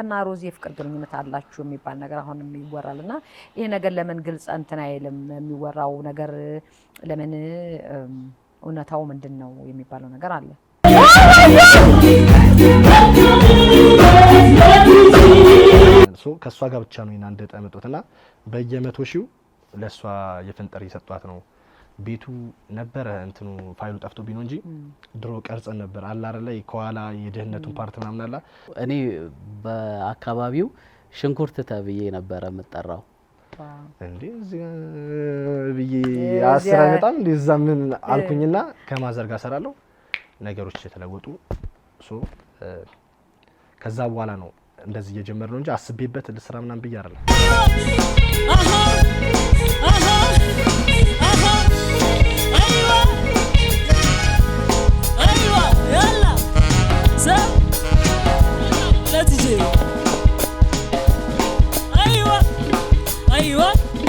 አንተና ሮዚ የፍቅር ግንኙነት አላችሁ የሚባል ነገር አሁንም ይወራል እና ይሄ ነገር ለምን ግልጽ እንትን አይልም? የሚወራው ነገር ለምን እውነታው ምንድን ነው የሚባለው ነገር አለ። ከእሷ ጋር ብቻ ነው ናንደ ጠመጡት እና በየመቶ ሺው ለእሷ የፍንጠር እየሰጧት ነው ቤቱ ነበረ እንትኑ ፋይሉ ጠፍቶ ቢኖ እንጂ ድሮ ቀርጸ ነበር። አላረ ላይ ከኋላ የድህነቱን ፓርት ምናምን አላ እኔ በአካባቢው ሽንኩርት ተብዬ ነበረ የምጠራው እንዴ ብዬ አስራ በጣም እንዴ እዛ ምን አልኩኝና ከማዘር ጋር ሰራለሁ ነገሮች የተለወጡ ሶ ከዛ በኋላ ነው እንደዚህ እየጀመር ነው እንጂ አስቤበት ልስራ ምናምን ብዬ አይደለም። Let's do. Are you